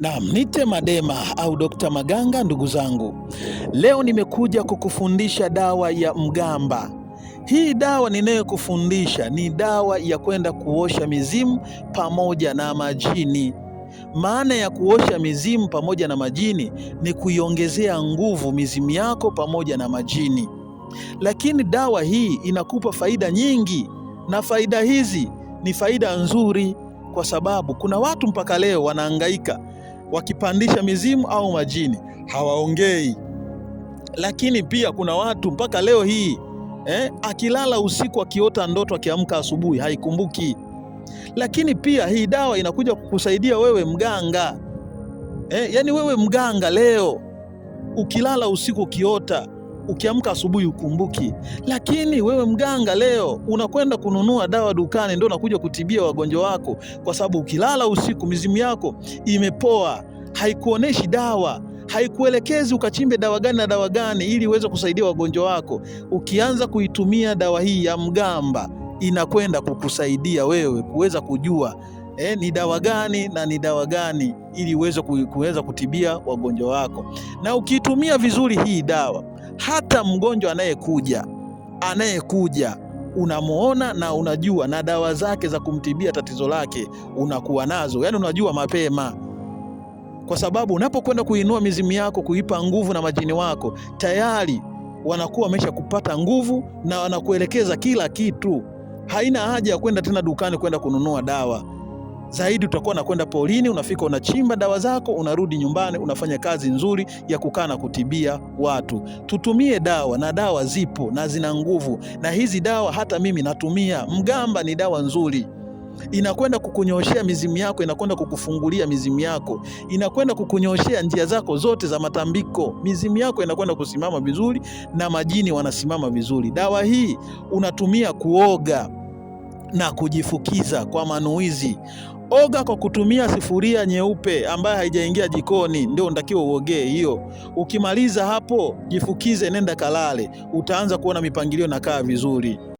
Naam, nite Madema au Dokta Maganga. Ndugu zangu, leo nimekuja kukufundisha dawa ya mgamba. Hii dawa ninayokufundisha ni dawa ya kwenda kuosha mizimu pamoja na majini. Maana ya kuosha mizimu pamoja na majini ni kuiongezea nguvu mizimu yako pamoja na majini, lakini dawa hii inakupa faida nyingi, na faida hizi ni faida nzuri, kwa sababu kuna watu mpaka leo wanaangaika wakipandisha mizimu au majini hawaongei. Lakini pia kuna watu mpaka leo hii eh, akilala usiku akiota ndoto akiamka asubuhi haikumbuki. Lakini pia hii dawa inakuja kukusaidia wewe mganga eh, yani wewe mganga leo ukilala usiku ukiota ukiamka asubuhi ukumbuki. Lakini wewe mganga, leo unakwenda kununua dawa dukani, ndio unakuja kutibia wagonjwa wako, kwa sababu ukilala usiku mizimu yako imepoa, haikuoneshi dawa haikuelekezi ukachimbe dawa gani na dawa gani ili uweze kusaidia wagonjwa wako. Ukianza kuitumia dawa hii ya mgamba, inakwenda kukusaidia wewe kuweza kujua eh, ni dawa gani na ni dawa gani ili uweze kuweza kutibia wagonjwa wako. Na ukitumia vizuri hii dawa, hata mgonjwa anayekuja anayekuja unamuona na unajua, na dawa zake za kumtibia tatizo lake unakuwa nazo, yaani unajua mapema, kwa sababu unapokwenda kuinua mizimu yako kuipa nguvu na majini wako tayari wanakuwa wamesha kupata nguvu na wanakuelekeza kila kitu. Haina haja ya kwenda tena dukani kwenda kununua dawa zaidi utakuwa nakwenda polini, unafika unachimba dawa zako, unarudi nyumbani, unafanya kazi nzuri ya kukaa na kutibia watu. Tutumie dawa, na dawa zipo na zina nguvu, na hizi dawa hata mimi natumia. Mgamba ni dawa nzuri, inakwenda kukunyoshea mizimu yako, inakwenda kukufungulia mizimu yako, inakwenda kukunyoshea njia zako zote za matambiko. Mizimu yako inakwenda kusimama vizuri na majini wanasimama vizuri. Dawa hii unatumia kuoga na kujifukiza kwa manuizi. Oga kwa kutumia sifuria nyeupe ambayo haijaingia jikoni, ndio unatakiwa uogee hiyo. Ukimaliza hapo, jifukize, nenda kalale, utaanza kuona mipangilio inakaa vizuri.